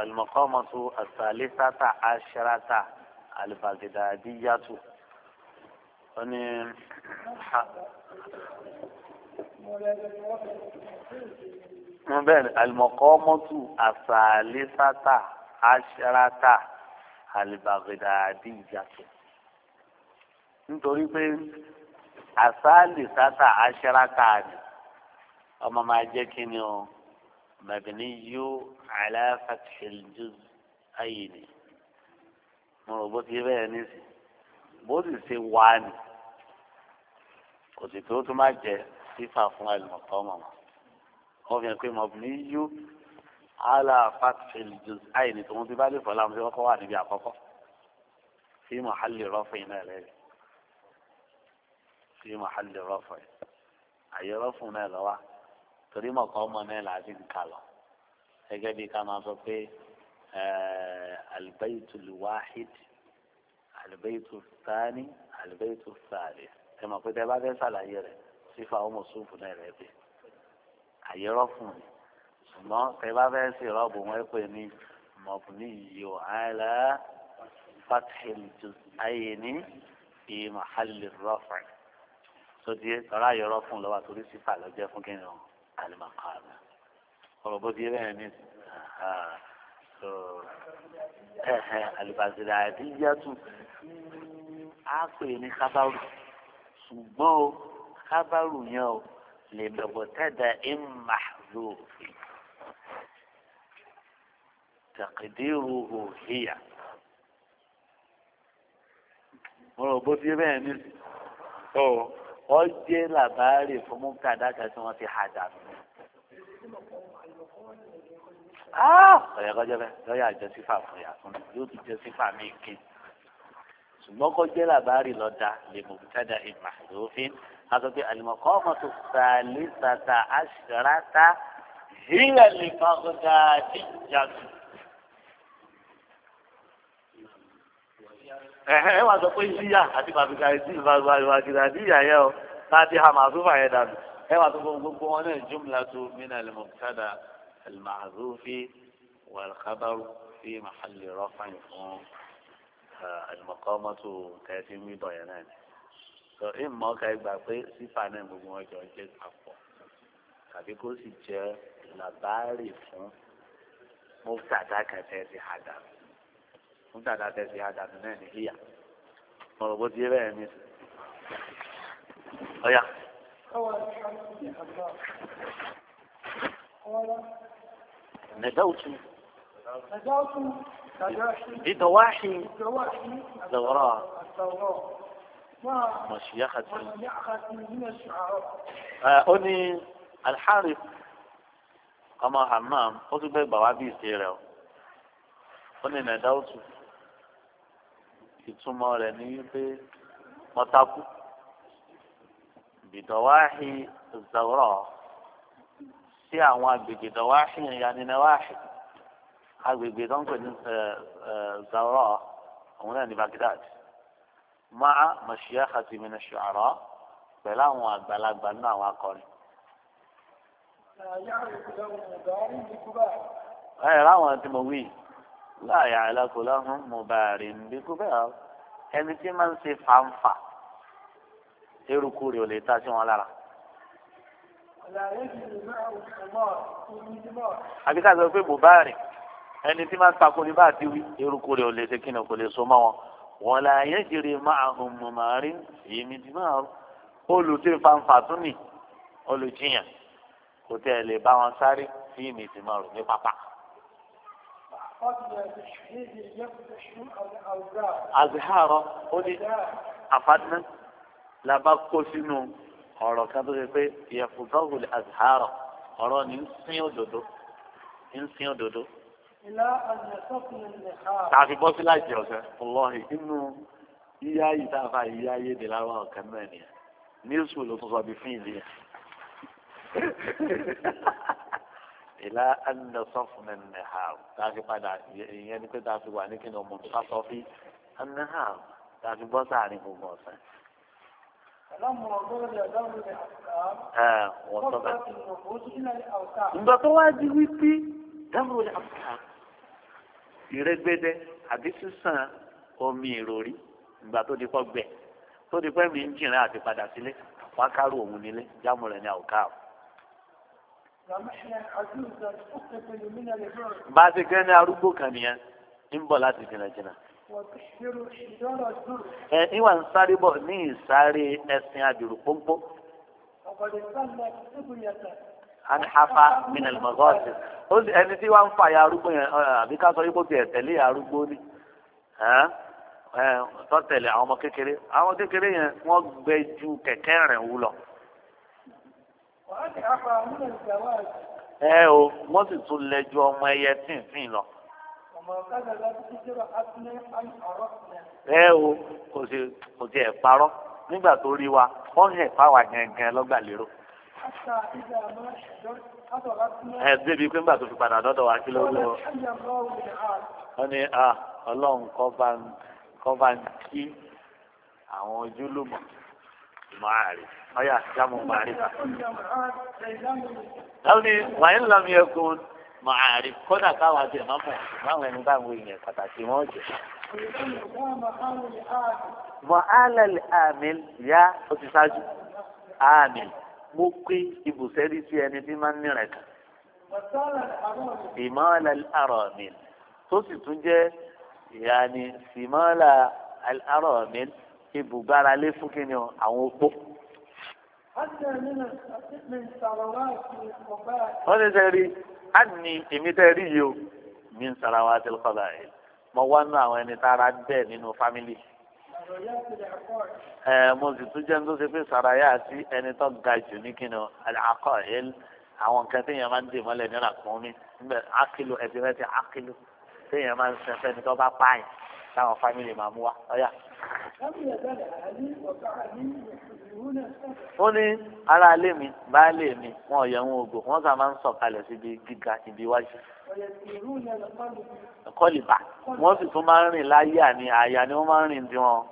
المقامة الثالثة عشرة البغدادية أني بين المقامة الثالثة عشرة البغدادية nítorí pé àsáàlì sátà aṣáráta ni ọmọ máa مبني على فتح الجزء الجزئين مربوط يبقى نسي بودي سي وان كنت توتو ما جاء صفة فما المقامة هو في يكون مبني على فتح الجزئين تقوم تبالي فلا مزيغة قواني بيع فقط في محل رفعنا لك في محل رفع أي رفعنا لواحد torí mọ̀kọ́ ọmọ náà láti ń kà lọ gẹ́gẹ́ bí ká máa sọ pé eh, albaytu alwahid albaytu thani albaytu thali ẹ mọ̀ pé tẹ bá fẹ́ ṣàlàyé rẹ̀ sífà ọmọ sùnfù náà rẹ̀ pé àyè rọ́fùn ni ṣùgbọ́n tẹ bá fẹ́ sí rọ́ọ̀bù wọn pè ní mọ̀bùnì yòó àìlá fathil juz'aini fi mahalli rọ́fùn sódìé tọ́lá àyè rọ́fùn lọ́wọ́ àtúrí sífà lọ́jẹ́ fún kí ni wọn alimakama ọ̀rọ̀ bó di bẹ́ẹ̀ ní alibazira àdíjátù á pè ní kábàrù ṣùgbọ́n o kábàrù yẹn o lè bẹ̀bọ̀ tẹ́dà ìmà lóòfin tàkìdíròhò híyà ọ̀rọ̀ bó di bẹ́ẹ̀ ní ọ wọ́n jẹ́ làbárè fún mú kàdákà tí ti hà dànù. Ah! ọ̀yẹ́ kọjá bẹ́ẹ̀ lọ́yà jẹ́ sífà fún yà fún yóò tún jẹ́ sífà mí kí ṣùgbọ́n kó jẹ́ làbárì lọ́dà lè mọ̀ bùtádà ìmà lófin a sọ pé àlùmọ̀kọ́ ọmọ tó sàlẹ̀ sàtà àṣìráta hílẹ̀ lè fa ọ̀gá díjàdù. ẹ̀hẹ́ ẹ wá sọ pé yíyà àti bàbíkà ìdí ìbàgbàgbà níyà yẹ ọ láti hàmà àtúfà yẹn dànù ẹ wá sọ pé gbogbo wọn náà jùmùlà tó mí المعذوف والخبر في محل رفع المقامة كاتم بيانان فإما كيبقى صفانا بمواجهة الأقوى tàbí kó sì jẹ làbárì fún mọ́tàdá kẹfẹ́ ti hàdà mọ́tàdá kẹfẹ́ ti hàdà nínú ẹ̀ níyà ọ̀rọ̀ bó ti rẹ̀ mi. ọ̀yà. قال نجاوتي نجاوتي دواحي دواحي الزوراء ما شي من الشعر آه، اوني الحارث قام حمام قلت له بوابي سيرو اوني نجاوتي كيتسوما لني بي مطاقو بدواحي الزوراء sí àwọn agbègbè dọ̀wáṣì ìyanu náwáṣì agbègbè tó ń pè ní zawrọ òun náà ní Baghdad máa mọ̀ṣíyá hasimina ṣùárọ̀ pẹ̀lú àwọn àgbàlagbà nínú àwọn akọrin. ẹ láwọn tí mo wí láàyè àìlákòlá hàn mo bá rí n bí kú bẹ́ẹ̀ ẹni tí máa ń ṣe fàǹfà eruku rẹ̀ ò lè ta sí wọn lára àbí ká sọ pé bùbáàrì ẹni tí máa ń takò ní bá àti wí eruku rẹ̀ ò lè ṣe kíni kò lè so mọ́ wọn wọn là yẹ jèrè máa hùn mọ̀mọ́rí èmi ti máa olùtẹ̀ tún nì olùjiyàn kò tẹ̀ lè bá wọn sáré sí èmi ti máa rò ní pápá. àzìhárọ̀ ó ní àfáàná la kó sínú ọ̀rọ̀ kan tó ṣe pé ìyẹ̀fùtọ́gù azhara ọ̀rọ̀ ni ń sin òdòdó ń sin òdòdó. tàbí bọ́ sí láti ọ̀sẹ̀ ọlọ́ọ̀hì inú yíyá yìí tá a fa yíyá yé de lára ọ̀kan náà nìyẹn ní ló tún sọ bí fún ìlú yẹn. ìlà anasọ́fúnmẹ́ nìhàr tá a padà ìyẹn ni pé tá wà ní kí ni ọmọ nípa sọ fí anahàr tá a bọ́ sáà ní gbogbo ọ̀sẹ̀. Ìgbà ah, tó wá di wípé dáhùn ní àbùkà ìrẹ́gbẹ́dẹ́ àbí sísan omi ìròrí ìgbà tó di pọ́ gbẹ tó di pẹ́ mi ń jìnrìn àti padà sílé wá kárò òun nílé jámù rẹ̀ ní àwùká o. Bá a ti gẹ́ ní arúgbó kan nìyẹn ń bọ̀ láti jìnnà jìnnà ẹ níwà ń sáré bọ̀ ní ìsáré ẹṣin àdìrú pọ́npọ́. anhafa minal magọ́ọ̀sì ó sì ẹni tí wọ́n ń fa ya arúgbó yẹn àbí ká sọ yípo tiẹ̀ tẹ̀lé ya arúgbó ni tọ́ tẹ̀lé àwọn ọmọ kékeré àwọn kékeré yẹn wọ́n gbẹ ju kẹ̀kẹ́ rẹ̀ wú lọ. ẹ o wọ́n sì tún lẹ ju ọmọ ẹyẹ tìǹtìǹ lọ ẹ o kò sì kò tiẹ̀ parọ́ nígbà tó rí wa wọ́n hẹ̀ fáwa gangan lọ́gbà lérò. ẹ débi pé nígbà tó fi padà dọ́dọ̀ wa kí ló ń lọ. wọ́n ní ọlọ́run kọ́ bá ń kọ́ bá ń kí àwọn ojúlùmọ̀ màárì ọ̀yà jámù màárì. wọ́n ní wàá ń lọ mi ẹkùn mọ̀hárì kódà káwọn àti ẹ̀mọ́ mọ̀ báwọn ẹni bá ń wo ìyẹn pàtàkì wọn jẹ. mọ̀hálẹ̀ àmìl yá ó ti ṣáájú àmìl mo pé ibùsẹ́rí sí ẹni tí máa ń nírẹ̀ kan. ìmọ̀lẹ̀ àrọ̀mìl tó sì tún jẹ́ ìyáni ìmọ̀lẹ̀ àrọ̀mìl ibùgbára lé fún kíni àwọn opó wọ́n ti sẹ́ àní èmi tẹ́ rí yìí o mi ń sara wa tẹ́lẹ̀ kọ́lá yìí mo wá nú àwọn ẹni tára bẹ́ẹ̀ nínú fámìlì. ẹ mo sì tún jẹ́ nítorí pé sàràyà sí ẹni tó ga jù ní kíni àkọ́ yẹn àwọn nǹkan téèyàn máa ń dè mọ́lẹ̀ nínú àpọ́n mi níbẹ̀ ákìlù ẹ̀dí rẹ̀ ti ákìlù téèyàn máa ń sẹ́ fẹ́ni tó bá pààyàn táwọn fámìlì máa mú wa ọ̀yà ó ní ara ilé mi baálé mi wọn ò yẹ wọn ògbò wọn sà máa ń sọ̀kalẹ̀ síbi gíga ibi iwájú kọlìbà wọn sì tún máa ń rìn láyé àní àyà ni wọn máa ń rìn bí wọn.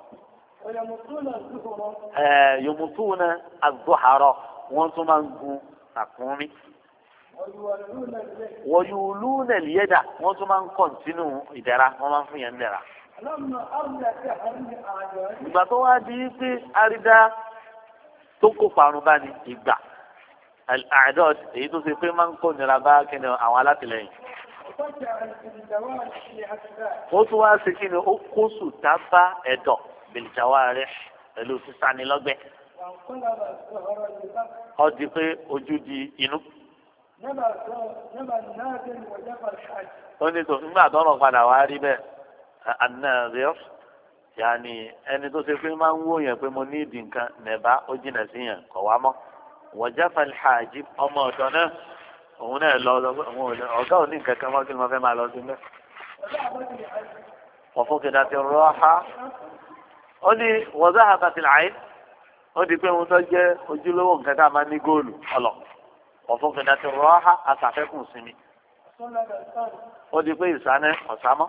yòmùtú na azọ́hárọ̀ wọ́n tún máa ń gun àkúnmí. wọ́n yóò lù nàlí yẹ́dà wọ́n tún máa ń kọ̀ǹtínú ìdára wọ́n máa ń fún yẹn ń dẹ̀ra. ìgbà tó wá di pé àrídá tó kó parun bá ní ìgbà àdọ́t èyí tó ṣe pé máa ń kó nira bá kíni àwọn alátìlẹyìn. ó tún wá sí kíni ó kó sùtá bá ẹ̀dọ̀ bìlìjàwá rẹ̀ pẹ̀lú sísanilọ́gbẹ́. ó di pé ojú di inú. ó ní tòun nígbà tó ọ̀rọ̀ padà wá rí bẹ́ẹ̀ àná rẹ̀ yanni ẹni tó ṣe pé máa ń wó yẹn pé mo ní ìdì nǹkan nẹ̀bá ó jìnà sí yẹn kọ̀ wá mọ́ wọ̀já falhajib ọmọ ọ̀dọ́ náà òun náà lọ ọ̀gá òní nǹkan kan mọ́ kí ni mo fẹ́ máa lọ sí mẹ́. ọ̀fọ̀kìdà ti rọ́ ha ó ní wọ́zá ha bàtì ó di pé mo tọ́ jẹ́ ojúlówó nǹkan ká máa ní góòlù ọlọ ọ̀fọ̀kìdà ti rọ́ ha àtàfẹ́kùn sí ó di pé ìsánẹ́ ọ̀sámọ́.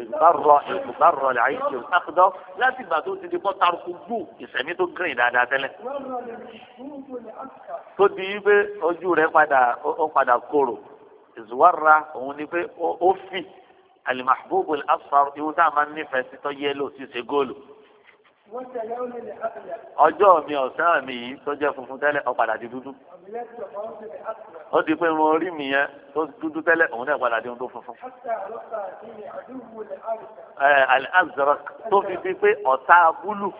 ìbárọ̀ ìbárọ̀ làyíṣẹ́ òtàkùdọ́ láti ìgbà tó ti di bọ́ tarukú gbù ìsẹ̀mí tó gírìn dáadáa tẹ́lẹ̀. tó di wípé ojú rẹ̀ padà ó padà kóró ìzùwárà òun ni pé ó fì alimahbubul asfar ihun máa ń nífẹ̀ẹ́ sí tó yẹ́lò sí ṣe góòlù ọjọ́ mi ọ̀sán mi yìí tó jẹ́ funfun tẹ́lẹ̀ ó padà di dúdú ó di pé irun orí mi yẹn tó dúdú tẹ́lẹ̀ òun náà padà di ohun tó funfun. ẹ al-azraq tó fi di pé ọ̀tá búlù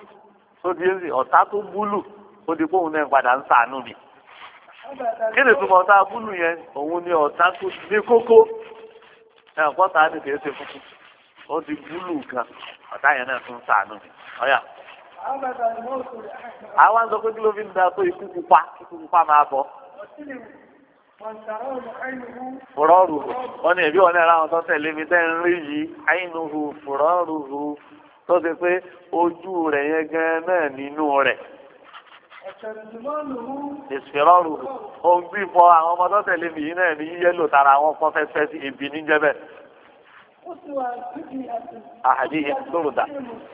tó di èsì ọ̀tá tó búlù ó di pé òun náà padà ń sàánú mi. kí ni ìtumọ̀ ọ̀tá búlù yẹn òun ni ọ̀tá tó di kókó ẹ̀ ọ̀pọ̀ sáà ni kì í ṣe funfun ó di búlù kan ọ̀tá yẹn náà tún sàánú mi àwọn sọ pé kí ló fi ń da tó ikú pupa ikú pupa máa bọ̀. fùrọ́rùhù wọ́n ní ẹ̀bí wọn náà láwọn tó tẹ̀lé mi tẹ́ ń rí yìí àìnùhù fùrọ́rùhù tó ṣe pé ojú rẹ̀ yẹn gan náà nínú rẹ̀. ìsìfìrọ́rùhù ohun bí fọ àwọn ọmọ tó tẹ̀lé mi yìí náà ní yẹ́lò tara wọn kọ́ fẹ́fẹ́ sí ibi níjẹ́ bẹ́ẹ̀. àhàdí yẹn lóru dà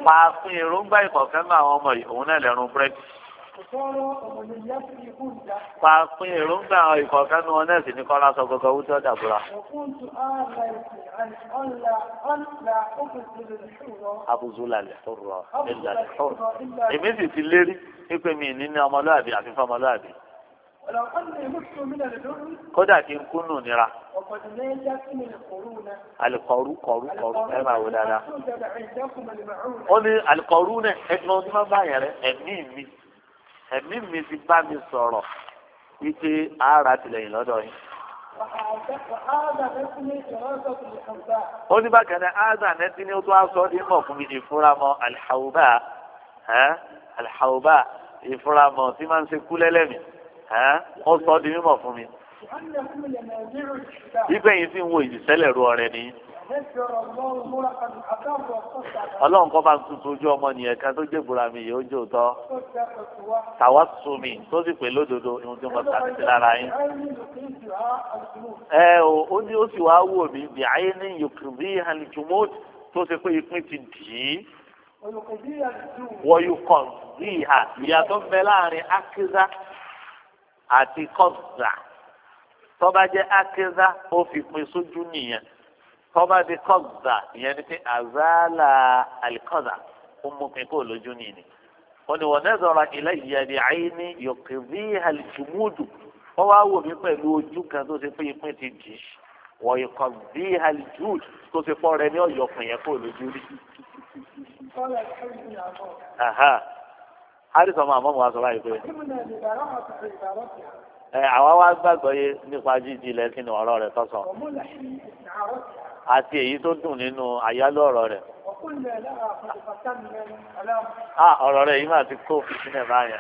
pààfin èròǹgbà ìkọ̀kẹ́ náà àwọn ọmọ yìí òun náà lẹ́rùn búrẹ́dì. pààfin èròǹgbà ìkọ̀kẹ́ ní kọ́lá sọ gbogbo owó tí ó dàbúrà. abuzula lè tó rọ tó èmi sì ti lérí pípé mi ní ọmọlúwàbí àfi kódà kí n kúnnù nira alikọ̀rú kọ̀rú kọ̀rú ẹ máa wò dáadáa ó ní alikọ̀rú náà ẹgbẹ́ ọdún máa bá yẹn rẹ ẹ̀mí mi ẹ̀mí mi ti bá mi sọ̀rọ̀ wípé ara tìlẹ̀yìn lọ́dọ̀ yìí. ó ní bákan náà áádà nẹ́tí ni ó tó aṣọ ní mọ̀ fún mi ìfúramọ́ alihawuba alihawuba ìfúramọ́ tí máa ń ṣe kú lẹ́lẹ́mìí. ẹ ó sọ di mímọ̀ fún mi. sì ń wo ru ọrẹ ni. ọlọ́run kọ́ bá ń tutù ojú ọmọ nìyẹn kan tó mi yìí ó jẹ́ òótọ́. tàwa tó sì pè lódodo ìhun tí mo ta lára yín. ẹ o ó ní ó sì wá wò mí bí ayé ní tó ṣe pé àti kọ́sà tọ́ba jẹ́ akéza ó fi pin sójú nìyẹn tọ́ba di kọ́sà ìyẹn ni pé àzálà àlìkọ́sà ó mú pin kó lójú nìyẹn wọ́n ní wọ́n náà sọ̀rọ̀ ilẹ̀ ìyẹ̀dì ayé ní yòkèzí àlìjùmúdù wọ́n wá wò mí pẹ̀lú ojú kan tó ṣe pé ìpín ti dì í wọ́n ikọ̀ bí tó ṣe pọ́ rẹ ní ọ̀yọ̀kùn yẹn kó lójú rí àrísọ máa mọ́ wọn sọ báyìí pé. ẹ àwa wá gbàgbọ́ yé nípa jíjí ilẹ̀ kí ni ọ̀rọ̀ rẹ̀ tọ́sọ. àti èyí tó dùn nínú àyálò ọ̀rọ̀ rẹ̀. a ọ̀rọ̀ rẹ̀ yìí máa ti kó fìtínà báyà.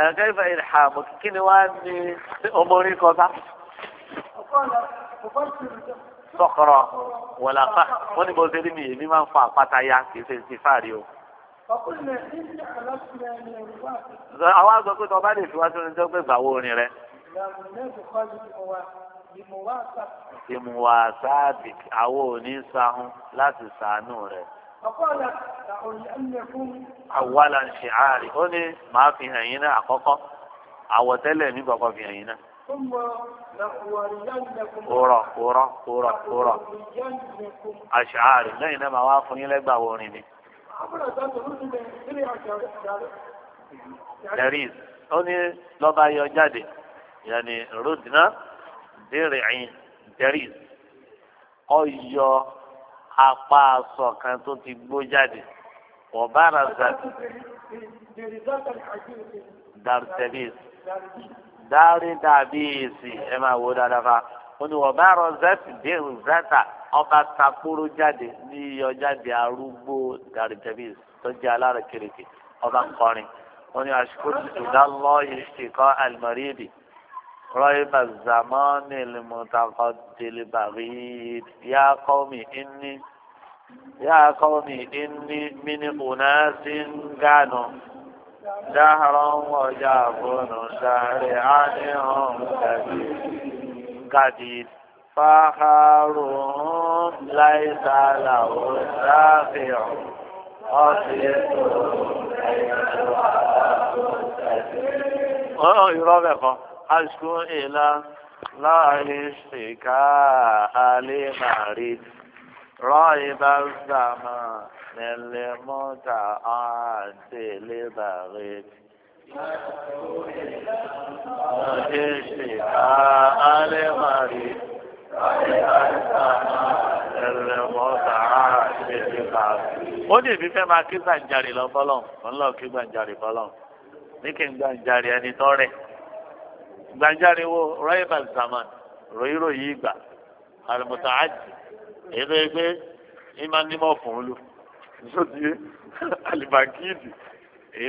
ẹ̀ẹ́dẹ́ ìfẹ́ ìhàmù kí ni wàá ní ọmọ orí kọta. sọkọrọ wọlé afa wọn ni bó ṣe rí mi èmi máa ń fa àpáta ya kì í ṣe ti fáàrí o àwọn àgbẹ̀ pé tọba lè fi wá sínú ìjọba ìgbà wo orin rẹ. ìmùwà sáàbì àwọn òní sahun láti sàánú rẹ. àwàlà ń ṣe àárẹ̀ ó ní màá fi hàn yín àkọ́kọ́ àwọ̀tẹ́lẹ̀ mi kọ̀ọ̀kan fi hàn yín náà. Òrọ̀ òrọ̀ òrọ̀ òrọ̀ àṣàárẹ̀ lẹ́yìn náà Dariz ó ní lọ́ba yọ jáde yàní rodina dèrèyìn Dariz ó yọ apá aṣọ kan tó ti gbó jáde ọ̀bára zàdí dàrtẹ̀lìs dárí dàbí èsì ẹ̀ máa wo dáadáa fa ó ní ọ̀bára zàdí dèrè zàtà ọba takoro jáde ní iyọ jáde arúgbó dàrìjẹbí tọjú alára kéréke ọba kọrin wọn ni àṣìkò tìtúndà lọọyì ṣèkọ àlùmọríìdì rọìbà zamani lèmùtàkọ tèlébàrí yá kọ́mi ẹni yá kọ́mi ẹni mini ọ̀nà sí ń gànà dáhàrá wọjà fúnù sáré ánìhàn gàdí. فخرهم ليس له دافع ọ̀rọ̀ ìrọ́bẹ̀ kan aṣkú ìlà láàrin ṣìkà alẹ́ màrí rọ́ ìbá zàmà nílẹ̀ mọ́ta àti lébàrí. Láàrin ṣìkà alẹ́ màrí. ó ní èmi fẹ́ máa kí gbàǹjarì lọ bọ́lọ̀ mo ń lọ kí gbàǹjarì bọ́lọ̀ ní kí n gbàǹjarì ẹni tọ́ rẹ̀ gbàǹjarì wo rọ́ìbà zaman ròyìnròyìn ìgbà àlùmọ̀tà àjì èyí tó yẹ fún olú ló di alìbàkíìdì èyí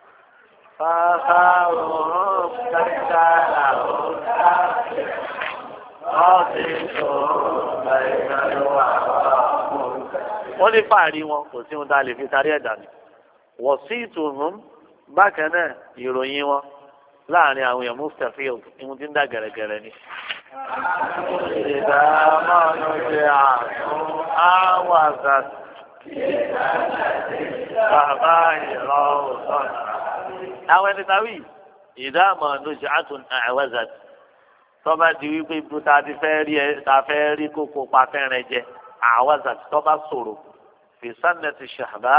فَأَخَاهُمْ كَتَّلَهُمْ كَافِرٌ wọ́n ní fàárí wọn kò sí ohun tá a lè fi tarí ẹ̀dá ni wọ́n sí ìtùnú bákan náà ìròyìn wọn láàrin àwọn èèyàn mustafield ihun tí ń dà gẹ̀rẹ́gẹ̀rẹ́ ni. ìdààmú ọ̀nùjẹ àtún áwàzà bàbá ìrọ̀ òsọ̀nà àwọn ẹni táwí ìdáàmú ọdúnṣe àtún àwẹ̀zà tọ́ba di wípé ibú ta ti fẹ́ rí ẹ ta fẹ́ rí kókó pa fẹ́rẹ̀ jẹ àwẹ̀zà tọ́ba sòrò fìsànẹ́tì ṣàbá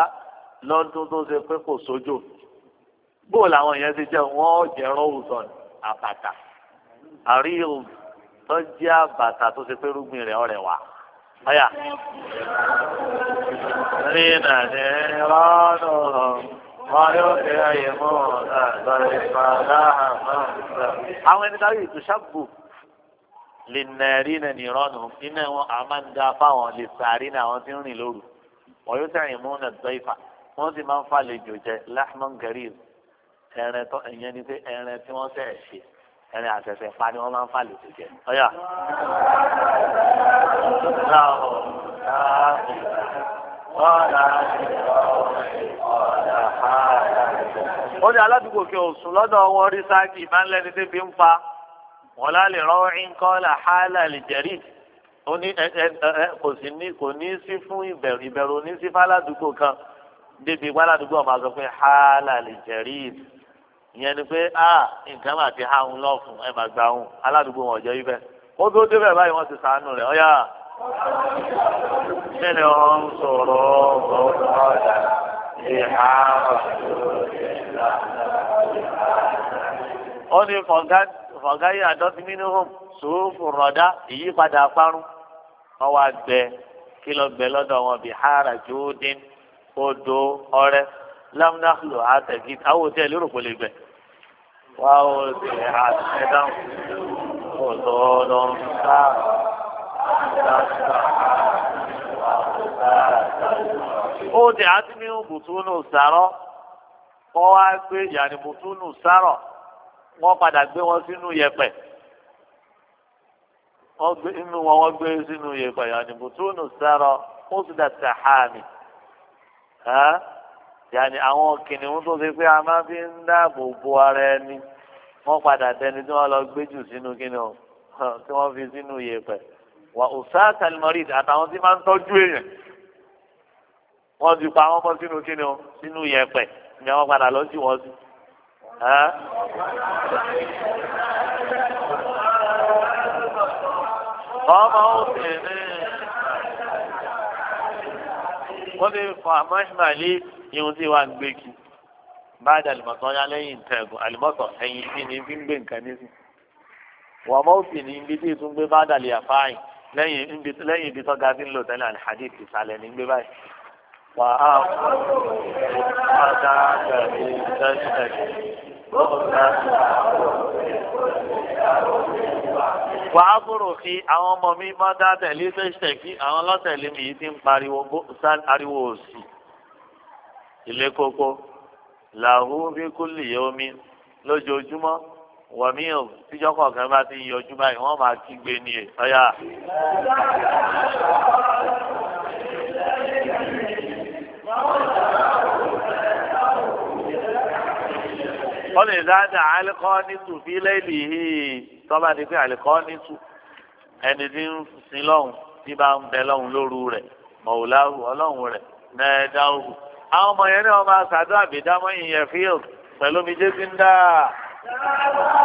lọ́dún tó ṣe pé kò sójò bóò làwọn yẹn ti jẹ́ wọ́n jẹ̀rọ òsàn àbàtà àríyò tó jẹ́ àbàtà tó ṣe pé rúgbìn rẹ̀ ọ̀rẹ́ wà. ọ̀yà. rí àwọn ẹni táwọn ètò ṣàbù lè nàárí nà nìrọ́nù iná wọn a máa ń da fáwọn lè sàárì náà àwọn tí ń rìn lóru wọn yóò sẹ́yìn mú nà dọ́ìfà wọn sì máa ń falejò jẹ lahman garib ẹran tó ẹ̀yẹn ni pé ẹran tí wọ́n sẹ̀ ṣe ẹran àṣẹṣẹ pa ni wọ́n máa ń falejò jẹ. ọ̀yà ó ní aládùúgbò kí òsùn lọ́dọ̀ wọn rí sáàkì máa ń lẹ́ni débi ń pa wọn lálẹ́ rọ́ọ̀rín kọ́lá hálà lè jẹ̀rí ó ní kò sí ní kò ní sí fún ìbẹ̀rù ìbẹ̀rù ní sí fáládùúgbò kan débi gbáládùúgbò ọmọ àzọ pé hálà lè jẹ̀rí ìyẹn ni pé a nǹkan máa ti há òun ẹ̀ máa gbà òun aládùúgbò wọn ò jẹ́ wípé ó tó débẹ̀ báyìí wọ́n ti sàánú rẹ̀ ọ́yà. Sẹ́ni ọ̀rọ̀ ń sọ̀rọ̀ ọ̀rọ̀ ọ̀dà ìhà ó ní fọ̀gáyé àdọ́tí mínúhùn sòófù rọ̀dá ìyípadà apárún wọ́n wá gbẹ kí lọ gbẹ lọ́dọ̀ wọn bíi hara jóódín odò ọrẹ lámúnáfìlò àtẹ̀gí àwọn òtí ẹ̀ lérò kò lè gbẹ. wá ó ti àtẹ̀dáhùn òtò ọ̀dọ̀ sáà. ó dẹ̀ á ti ní bùtúnù wá gbé yàrá bùtúnù sárọ̀ wọn padà gbé wọn sínú yẹ̀pẹ̀ wọn gbé inú wọn wọ́n gbé sínú yẹ̀pẹ̀ yàrá bùtúnù sárọ̀ ó sì dà sàhámì yàrá àwọn kìnìún tó ṣe pé a máa fi ń dáàbò bo ara ẹni wọn padà dẹni tí lọ gbé jù fi sínú wà ọ̀sá tàlmọ́rìd àtàwọn tí máa ń tọ́jú èèyàn wọ́n ti pa àwọn ọmọ sínú kíni o sínú yẹ̀pẹ̀ ni àwọn padà lọ sí wọn sí. ọmọ obìnrin wọ́n ti fọ àmọ́ ìmàlí ihun tí wà ń gbé kí báyìí àlùmọ̀tọ́ yá lẹ́yìn ìtẹ̀gùn àlùmọ̀tọ́ ẹ̀yìn sí ni fi ń gbé nǹkan ní wọ́n mọ́ òsì ní ibi tí ìtúngbé bá dàlẹ́ àfáàyàn lẹ́yìn lẹ́yìn ibi tó ga sí ń lò tẹ́lẹ̀ àti hadith ìsàlẹ̀ ní gbé báyìí. wà á padà pẹ̀lú tẹ́sítẹ́sì wà á bòrò fi àwọn ọmọ mi má dá tẹ̀lé tẹ́sítẹ́sì àwọn ọlọ́tẹ̀lé mi yìí ti ń pariwo ariwo òsì ilé kókó làwọn fi kúlì yẹ omi lójoojúmọ́ wọ̀mí o tíjọ́ kọ̀ọ̀kan bá ti yọjú báyìí wọ́n máa kígbe ni ẹ̀ ọ̀yà. wọ́n lè dáadáa alikọ́ nítù bí lẹ́yìn yìí tọ́ba ni pé alikọ́ nítù ẹni tí ń sin lọ́hùn tí bá ń bẹ lọ́hùn lóru rẹ̀ mọ̀wùláhù ọlọ́hùn rẹ̀ mẹ́ẹ̀ẹ́dáhùn. àwọn ọmọ yẹn ní wọn máa ṣàdó àbídámọ́ ìyẹn fíl pẹ̀lú mi jésù ń dáa. لا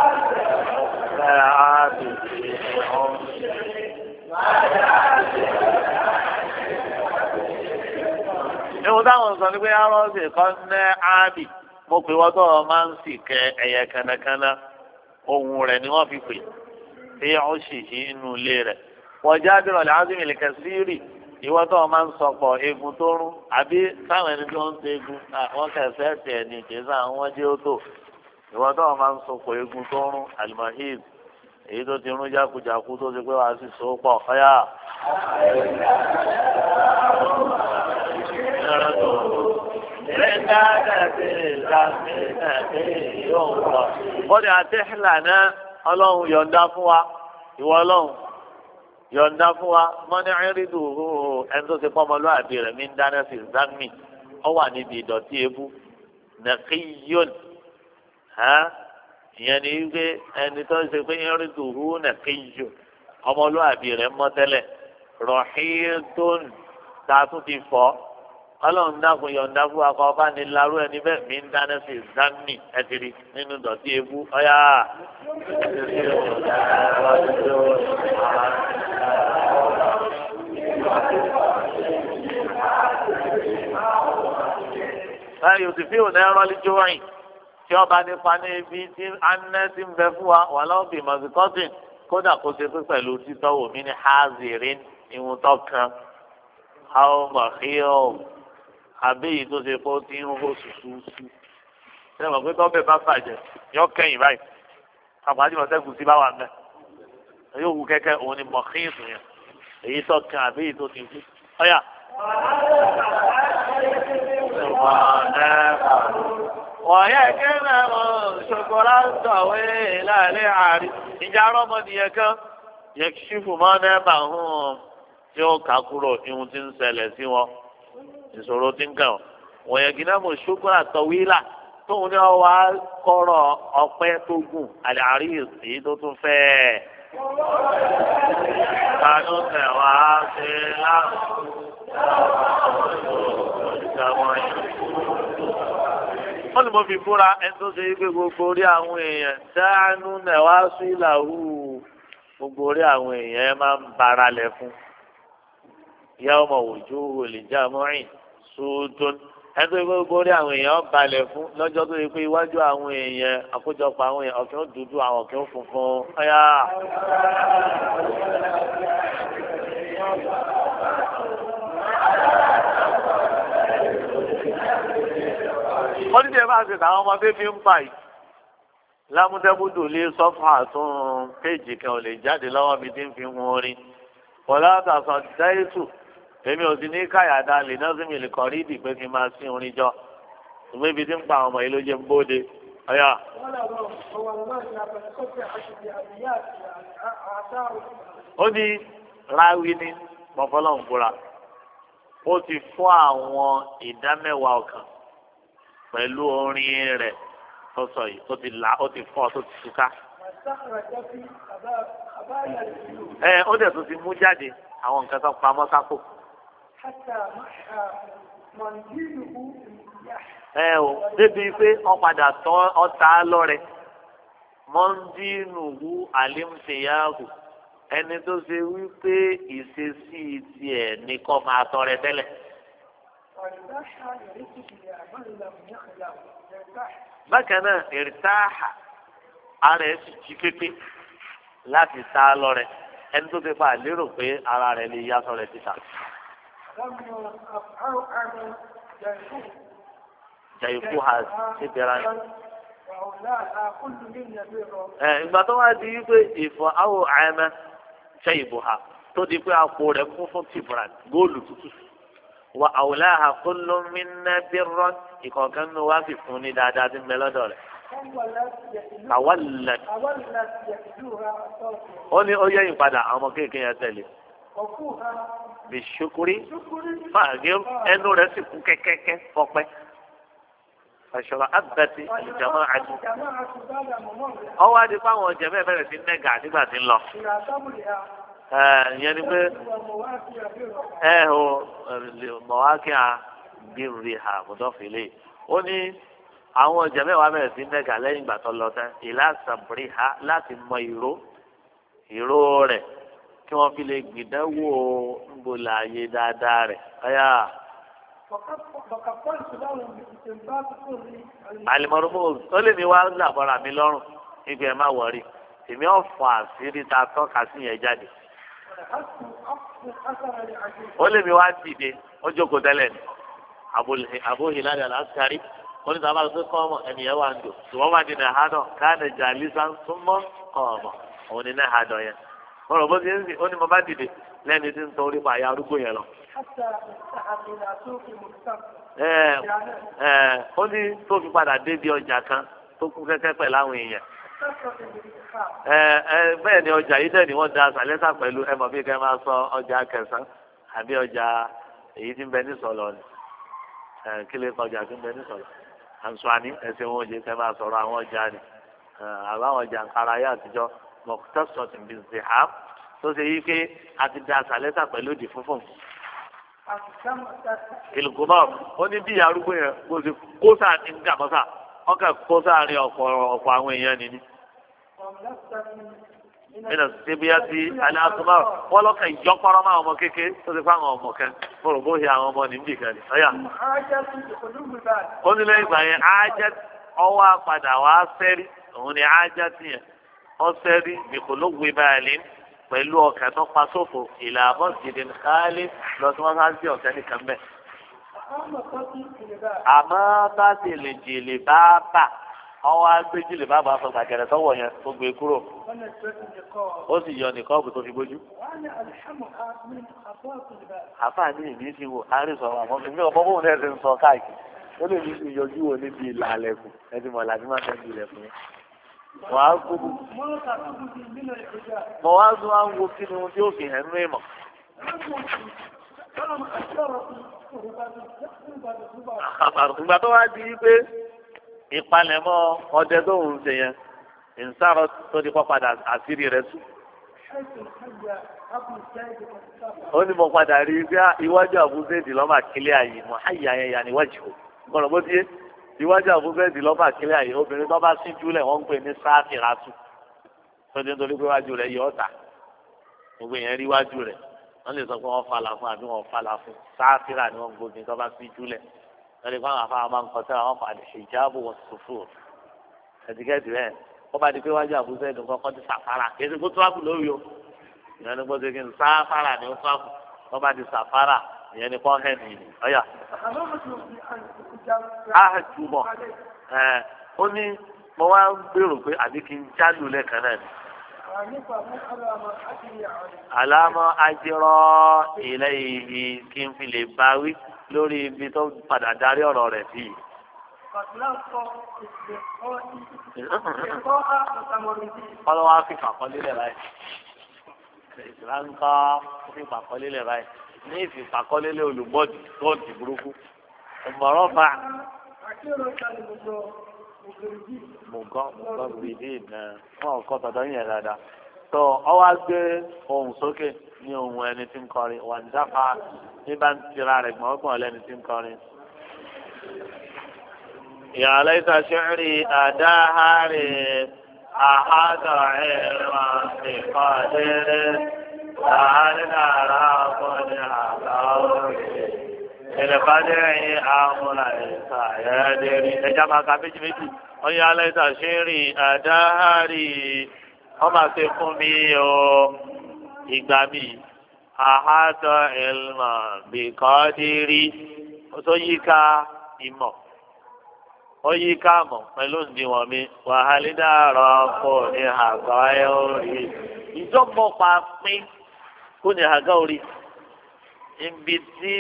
ewu táwọn sọ ni pé arọ́sì kan ná ábì mo pè wọ́n tọ́wọ́ máa ń sì kẹ ẹ̀yẹ kánákáná ohun rẹ ni wọn fi pè tí ó sì inú ilé rẹ̀ wọ́n já dúró làásìmì lìkẹ́ sírì ìwọ́n tọ́wọ́ máa ń sọpọ̀ egun tó rún àbí táwọn ẹni tó ń ṣe egun kì í ó ìwọ tó máa ń sopọ̀ egun tó ń rún alimahid èyí tó ti rún jákujàku tó ti pé wàá sì so pọ̀ ọ̀yà. wọ́n ní àtẹ́hìlà náà ọlọ́run yọ̀ǹda fún wa ìwọ ọlọ́run yọ̀ǹda fún wa mọ́ni ẹ̀rídù ẹni tó ti pọ́ ọmọlúwàbí rẹ̀ mí ń dáná sí zami ọ wà níbi ìdọ̀tí ebú nàkíyọ́nì ha ìyẹn ni wípé ẹni tó ń ṣe pé irin dùrú nà kéjù ọmọlúwàbí rẹ̀ mọ́ tẹ́lẹ̀ rọ̀hídùn tá a tún ti fọ́ ọlọ́run dákun yọ̀ǹda fún akọ ọba ní larú ẹni bẹ́ẹ̀ mi ń dáná sí zanni ẹtìrì nínú dọ̀tí ebú ọ̀yà. báyìí o ti fi òun náírà lójú wáyìn tí ọba nípa ní ibi tí anẹ́sì ń bẹ fún wa wà láwọn bí mọ̀síkọ́tìn kódà kó ṣe pé pẹ̀lú títọ́ wò mí ní hazirin ìhun tó kan àwọn mọ̀híọ́m àbí èyí tó ṣe pé ó ti ń hó ṣùṣùṣù ṣe mọ̀ pé tọ́bẹ̀ bá bàjẹ́ yọ kẹ́yìn báyìí àpàdé ìmọ̀sẹ́kù sí bá wà mẹ́ yóò wù kẹ́kẹ́ òun ni mọ̀híọ́m yẹn èyí tó kan àbí èyí tó ti kú ọ̀yà. Subhanahu wa ta'ala ọ̀yẹ́ kẹ́lẹ́ ọ̀ ṣòkòrò àtọ̀wé láàrin àárín ìjà ọmọnìyàn kan yẹ kí ṣífù mọ́ nẹ́ẹ̀bà hùn tí ó kà kúrò ihun tí ń ṣẹlẹ̀ sí wọn ìṣòro tí ń kàn wọ́n yẹ kí náà mo ṣòkòrò àtọ̀wé là tóun ní ọwọ́ akọ́rọ̀ ọ̀pẹ tó gùn àdàrí èyí tó tún fẹ́ ẹ̀. Kánú tẹ̀ wá sí láàbù. Ìjọba ìjọba wọ́n ní mo fi fúnra ẹni tó ṣe wípé gbogbo orí àwọn èèyàn dáánú náà wá sí ìlàwù gbogbo orí àwọn èèyàn ẹ máa ń bara lẹ̀ fún. ìyá ọmọ òjò olèjà mọ́rin sóòtún ẹni tó ṣe gbogbo orí àwọn èèyàn balẹ̀ fún lọ́jọ́ tó ṣe pé iwájú àwọn èèyàn àkójọpọ̀ àwọn èèyàn ọ̀kẹ́ òdúdú àwọn ọ̀kẹ́ òfunfun. ọ̀yà. wọ́n ní tẹ́ bá ṣe tàwọn ọmọ bébí ń pa yìí lámúdẹ́bùdù lé sọ́fà tún péjì kan ò lè jáde lọ́wọ́ mi tí ń fi hun orin wọ́lá àtàsán dáìtù èmi ò sì ní káyàdá lè nọ́sìmì lè kọ́ rí ìdí pé kí n máa sí orin jọ ìgbé ibi tí ń pa ọmọ yìí ló jẹ́ ń bóde ó ní ráwí ní pọ̀fọ́lọ́ ó ti fún àwọn ìdámẹ́wàá ọkàn pẹ̀lú orin rẹ̀ tó sọ yìí tó ti là ó ti fọ́ tó ti túká. ẹ ó dẹ̀ tó ti mú jáde àwọn nǹkan tó pamọ́ sápò. ẹ o débi pé wọ́n padà tọ́ ọta lọ́rẹ̀ mọ́ndínlùú àlímùsíyáàbù ẹni tó ṣe wípé ìṣesí tiẹ̀ ni kọ́ máa tọrẹ tẹ́lẹ̀ bákan náà ìrìtáàhà ara ẹ sì jí pépé láti sá lọrẹ ẹni tó ti pa lérò pé ara rẹ lè yá sọrẹ títà. jàìkú ha síbi ara yẹn. ẹ ìgbà tó wá di wípé ìfọ àwọn àmà jẹ ìbò ha tó di pé àpò rẹ kún fún tìbúra góòlù tútù sí wa awulaha kullu minna birran ìkọ̀ọ̀kan mi wá fi fún ni dáadáa ti ń bẹ lọ́dọ̀ rẹ̀. kàwálẹ̀. ó ní ó yẹ̀yìn padà àwọn ọmọ kéèké yẹn tẹ̀lé. bí ṣukuri fàgé ẹnu rẹ̀ sì kú kẹ́kẹ́kẹ́ fọpẹ́. fàṣọrọ abẹ́tì ìjọba àti. ọwọ́ adé fáwọn ọjà bẹ́ẹ̀ bẹ̀rẹ̀ sí nẹ́gà nígbà tí ń lọ ìyẹn ni pé ẹ o mọ̀wákìá bírí ha mọ̀tọ́fìlẹ̀ ó ní àwọn ọjà mẹ́wàá bẹ̀rẹ̀ sí mẹ́ka lẹ́yìn ìgbà tó lọ tán ìlà sàbírí ha láti mọ ìró ìró rẹ̀ kí wọ́n fi lè gbìdánwò ńbọ̀là ayé dáadáa rẹ̀ ọ̀yà. àlìmọ̀rúmọ̀ ó lè ní wá làbọ̀rà mi lọ́rùn nígbà ẹ̀ má wọ̀rí èmi ò àṣírí ta tọ́ka sí yẹn jáde. o lè mi o dìde ó jókòó tẹ́lẹ̀ ni àbóhìláàdì aláṣkárí ó ní sábà pé ọmọ ẹnìyẹn wà ń dò ṣùgbọ́n káàdì ni yẹn mo rò bó ti ń sìn ó ní mo bá dìde lẹ́ni tí ń tan orí arúgbó yẹn lọ. ó ní tó fi padà débi ọjà kan tó kẹ́kẹ́ bẹ́ẹ̀ ni ọjà yìí ni wọ́n da sàlẹ́sà pẹ̀lú ẹ mọ̀ bí kẹ́ máa sọ ọjà kẹsàn-án àbí ọjà èyí tí ń bẹ ní sọ̀lọ̀ ni ń bẹ ní sọ̀lọ̀ ẹ̀sìn wọn kẹ́ máa sọ̀rọ̀ àwọn ọjà ni àbáwọn ọjà nkara ayé àtijọ́ bí tó ṣe yí pé a ti da sàlẹ́sà pẹ̀lú òdì funfun. ó ní bí wọn kà kó sáàrin ọ̀pọ̀ ọ̀pọ̀ àwọn èèyàn ni. nínú síbíyá sí aláàtúmọ̀ wọn lọ́kàn ìjọpọ̀rọ̀ máa ọmọ kékeré tó ti fáwọn ọmọ kan mo rò bóyá àwọn ọmọ nìyí kan ni ó ní lẹ́yìn ìgbà yẹn ájá ọwọ́ apàdà wà á sẹ́rí òun ni ájá tiyàn ó sẹ́rí ìkòlógbe báyìí pẹ̀lú ọkàn tó pa sófo ìlà àbọ̀sídẹ̀ẹ́ àmọ́ bá sì lè jèlè bá bà ọwọ́ agbéjìlè bá bà fún gbàgẹ̀rẹ̀ sọ́wọ́ yẹn tó gbé kúrò ó sì yọ nìkan ọ̀bù tó fi bójú. àfààní ìní ti wò àrísọ̀rọ̀ àmọ́ mi ò mọ bóun náà ti ń sọ káàkiri ó lè ní ìyọjú wo níbi ìlà àlẹ̀kùn ẹ ti mọ̀ làbí máa fẹ́ di ilẹ̀kùn yẹn wàá gbogbo mọ̀ wá tún wá ń wo kí ni ohun tí ó fi hàn ń ìgbà tó wá di pé ìpalẹ̀mọ́ ọdẹ tó ń ṣe yẹn ìsáró tó di pọ́padà àṣírí rẹ̀ sùn. ó ní mo padà rí i pé ah, iwájú àbúzéèdì lọ́mà kílẹ̀ àyè mọ̀ àyè àyè yà níwájú gbọ́dọ̀ bó ti yé iwájú àbúzéèdì lọ́mà kílẹ̀ àyè obìnrin tó bá sí júlẹ̀ wọ́n ń pè ní sáfìràtù tó ní nítorí pé iwájú rẹ̀ yọ ọ̀tà gbogbo èèyàn rí iwájú rẹ̀ wọ́n lè sọ pé wọ́n falà fún àbí wọ́n falà fún sáfìrà ni wọ́n gbóbi tó bá fi júlẹ̀ wọ́n lè fún àwọn afáwọn máa ń kọ́ sẹ́wọ̀n wọ́n fà lè ṣe sòfò ẹ̀dígẹ́dì rẹ̀ wọ́n bá di pé wájú àbúzẹ́ ìdùn kọ́kọ́ ti sàfara kì kó tíwáàbù lórí o ìyẹn ni gbọ́dọ̀ kí n sáfara ni ó tíwáàbù wọ́n bá di sàfara ìyẹn ni kọ́ hẹ́ẹ̀dì ọ̀yà. àjùmọ̀ àlámọ́ ajírọ́ ilé ìhì kí n fi lè bá wí lórí ibi tó padà darí ọ̀rọ̀ rẹ̀ sí. Ọlọ́wọ́ á fi fàkọ́lé lẹ̀ báyìí. Ìsìláńkà ó fi fàkọ́lé lẹ̀ báyìí. Ní ìfìfàkọ́lé lé olùgbọ́dì tó di burúkú. Ìmọ̀ràn bá. Àkírò kan ìbùdó mùgán mùgán bìdí ìnà wọn kọ tọ̀dọ̀ yẹn dáadáa tó ọwọ́ agbé ohùn sókè ní ohùn ẹni tí ń kọrin wà ní dáfà ní bá ń tira rẹ̀ gbọ́n ọgbọ́n lẹ́ni tí ń kọrin. يا ليت شعري أداهري أحد عرما بقدر لعل نرى قد عطاوك ìlẹ̀fàdé ẹ̀yìn àmúra ẹ̀ka ẹ̀ẹ́dẹ̀rì ẹja máa ka méjì méjì ọyẹ alẹ́ta ṣe ń rìn àdáhàrì wọ́n máa ṣe fún mi o ìgbà mi àhátọ́ ìlmọ̀ bìkọ́dírí ó tó yíká ìmọ̀ ó yíká mọ̀ pẹ̀lú ìdíwọ̀n mi wàhálí dàrọ̀ kò ní àgọ́ ẹ̀ orí ìjọ́pọ̀ pàápín kò ní àgọ́ orí ibi tí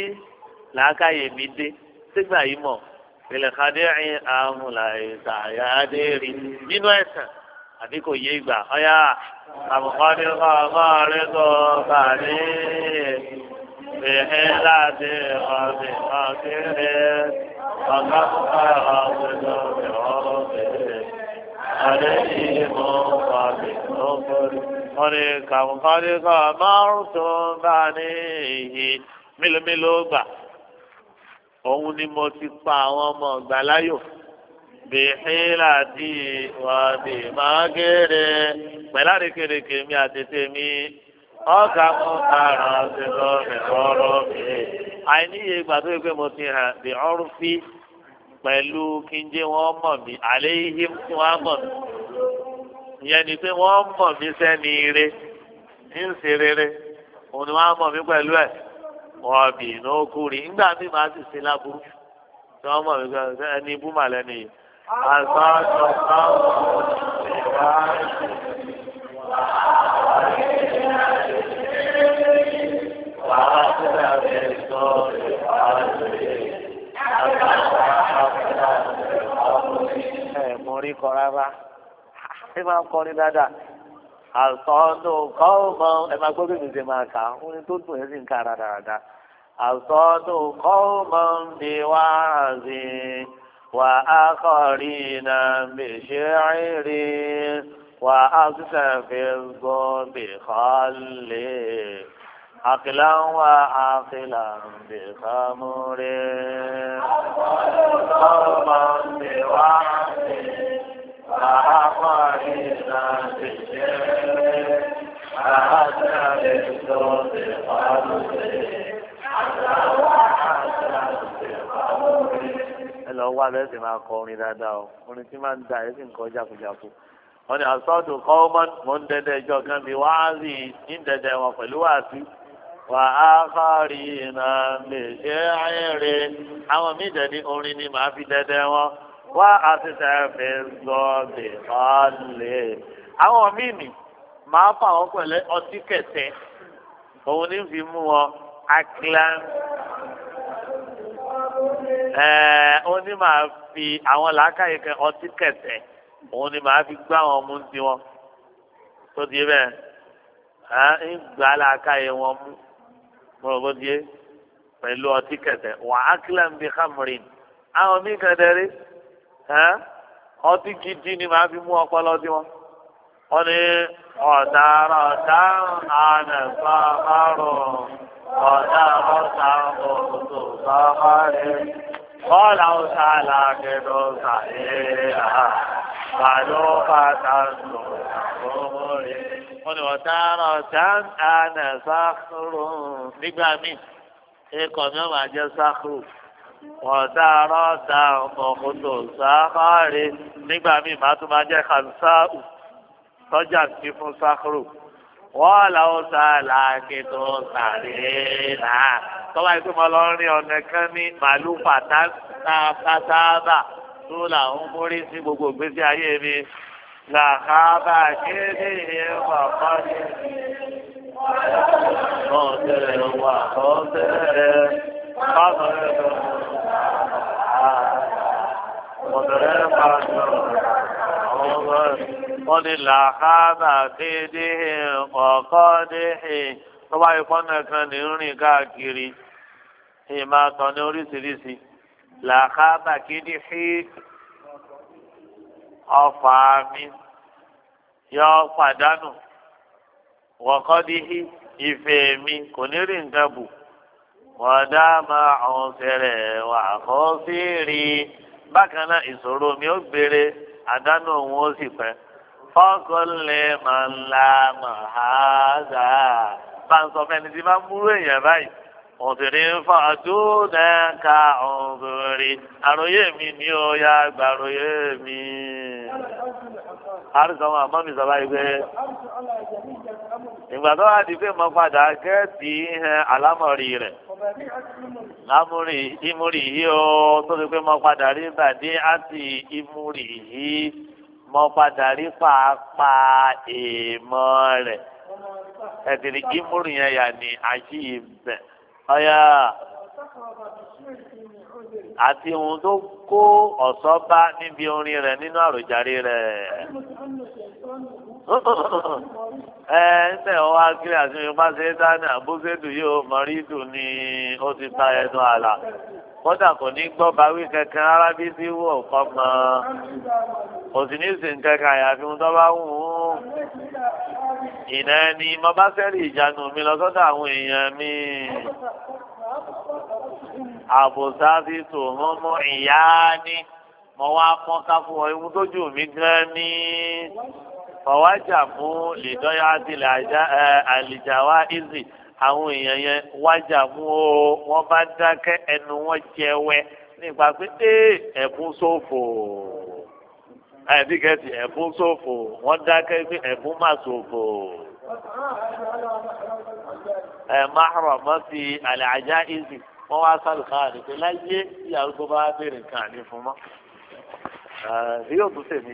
làákàyè mi dé sígbà yìí mọ̀ ìlẹ̀kadé ẹ̀yìn àrùn làìsà àyàdé rí nínú ẹ̀sán àbí kò yé ìgbà ọ̀yà àbùkọ́ni ọ̀gọ́ rẹ̀ kọ́ bàdé bẹ̀rẹ̀ láti ọ̀sẹ̀ ọ̀kẹ́rẹ́ ọ̀gá púpọ̀ ọ̀sẹ̀ ọ̀sẹ̀ ọ̀sẹ̀ ọ̀dẹ́ yìí mọ̀ ọ̀sẹ̀ ọ̀kọ́rẹ́. wọ́n ní kàbùkọ́ni kọ́ márùn-ún tó bá ní ìhì mélòó mélòó gbà òun ni mo ti pa àwọn ọmọ ọgbà láyò bìhílà tí wà bí máa kéré pẹ̀lá rékèrèkè mi àtẹ̀tẹ̀ mi ọkà mú ara ṣètò ìrọ̀rọ̀ mi. àìníye ìgbà tó yẹ pé mo ti hàn bí ọrùn fi pẹ̀lú kí n jẹ́ wọ́n mọ̀ mí àlẹ́ yìí kí wọ́n mọ̀ mí. ìyẹn ni pé wọ́n mọ̀ mí sẹ́ni ire ń ṣe rere òun ni wọ́n mọ̀ mí pẹ̀lú ẹ̀ wọn bì ní okùnrin nígbà tí màá sì ṣe láburú tí wọn mọ mi gbọ ẹni ibú mà lẹni yìí. àṣà àṣà táwọn ìwà wàá sílẹ̀ àbẹ̀ sọ ìwà rẹ̀ àṣà àṣà ẹ̀ mọ̀ rí kọ́ra bá ẹ máa ń kọrin dáadáa àsọdù kọ́ọ̀mọ́ ẹ máa gbọ́ bí mi ṣe máa kà ó ní tó dùn ẹ́ sì ń kà dáadáa àsọdù kọ́ọ̀mọ́ bí wá sí wà á kọ̀ rí iná bí ṣe rí wà á sísẹ̀ fi gbọ́ bí kọ́ lé ń wá àkìlá bí kọ́ kọ́ọ̀mọ́. wà bẹ́ẹ̀ sì máa kọ orin dáadáa o orin tí máa ń da ẹ̀ sì ń kọ jákujáku wọ́n ní asọ́dù kọ́ọ́mọ́n mọ́ ń dẹ́dẹ́ ẹjọ́ kan bíi wáàzì ní dẹ́dẹ́ wọn pẹ̀lú wáàsí wà á fárí iná lè ṣe ayẹ̀rẹ̀ àwọn míì dẹ̀ni orin ni màá fi dẹ́dẹ́ wọn wá àtẹ̀tẹ̀ fẹ́ sọ bẹ̀rẹ̀ àwọn míì nì màá fà wọ́n pẹ̀lẹ́ ọtí kẹ̀tẹ́ òun ní fi mú wọn akílán ẹ ó ní màá fi àwọn làákàyè kan ọtí kẹsẹ òun ni màá fi gbá àwọn ọmú sí wọn tó di bẹ́ẹ̀ ẹ ń gbá làákàyè wọn mú mo rò bó di pẹ̀lú ọtí kẹsẹ wà á kílẹ̀ ń bi hamrin àwọn mí kan dẹ́rí ẹ ọtí gidi ni màá fi mú ọpọlọ sí wọn wọn ni ọ̀daràn ọ̀daràn àná sáà márùn-ún ọ̀daràn ọ̀daràn òkùtù sáà قال تعالى كدوس إليها معلومة wọ́n ní wọ́n tààrà tán àná sáfúrú nígbà míì ikọ̀ mi ò máa jẹ́ sáfúrú wọ́n tààrà tán ọ̀kọ́tò sáfárì nígbà míì màá tún máa jẹ́ kàlùsáù tọ́jà sí fún sáfúrú wọ́ọ̀lá ó sá làákè tó sàrí rà tọ́wá yìí tó mọ lọ rìn ọ̀nà kan ní màálù pàtàkàtàbà tó là ń mórí sí gbogbo ìgbésí ayé mi làkàbà kéde ìwà pàṣẹ. Kọ́ńtẹ̀rẹ̀ wà kọ́ńtẹ̀rẹ̀ kọ́ńtẹ̀rẹ̀ kọ́ńtẹ̀rẹ̀ kọ́ńtẹ̀rẹ̀ kọ́ńtẹ̀rẹ̀ wọ́n ní làhábà kéde ọ̀kọ́ dé tó bá ikọ́ náà kan ní rìn káàkiri èyí máa tàn ní oríṣiríṣi làhábà kéde ọfà mi yọ pàdánù wọ́kọ́díhí ìfẹ́ mi kò ní rí nǹkan bù máa ọ̀hún fẹ́rẹ̀ wà kọ́ sí rí bákan náà ìṣòro mi ó gbére àdánù òun ó sì pẹ́ fọ́kànlẹ̀ máa ń la màhádà bá ń sọ fẹ́ni tí máa ń múrò èèyàn báyìí òsèré ń fa àdúnà ká ọ̀gbìn rí àròyé mi ni ó yá gbàròyé mi. àrùsọ àwọn àmọ́ mi sọ̀rọ̀ ìgbà tó wà dìbò mọ́ padà gẹ́ẹ̀tì alámọ̀rí rẹ̀ lámúrì ìmúrì yìí ó tó ti pé mọ́ padà rí bàdí àti ìmúrì yìí àti ohun tó kó ọ̀sọ́ bá níbi orin rẹ̀ nínú àròjàre rẹ̀. ẹ ṣe ọ wá kí àṣeyọrí bá ṣe dání àbúṣẹ́dù yóò mọ̀rídù ni ó ti ta ẹnu àlà kódà kò ní gbọ́ báwí kankan arábí tí wò kọ́ mọ́ kò sì ní sìn kankan àyàfi ohun tó bá wù ú ìnà ni mo bá fẹ́ rí ìjánu mi lọ sọ́dọ̀ àwọn èèyàn mi. àbùsá ti tò mọ́ mọ́ ìyá ni mo wá pọ́n ká fún ọ ewu tójú mi gan ni. fọwájà fún lìdọ́yà àti àlìjàwá ìzì àwọn èèyàn yẹn wájà fún o wọ́n bá dákẹ́ ẹnu wọn jẹ́wẹ́ nígbà pé ẹ̀bùn ṣòfò àyẹ̀dí kẹ́tì ẹ̀fún ṣòfò wọ́n dákẹ́ pé ẹ̀fún má ṣòfò. ẹ̀ máhàrọ̀ mọ́ ti àlẹ́ àjá ìzì wọ́n wá sálùkà àdìpé láyé ìyàwó tó bá bèrè nǹkan fún mọ́. yóò tún tèmi.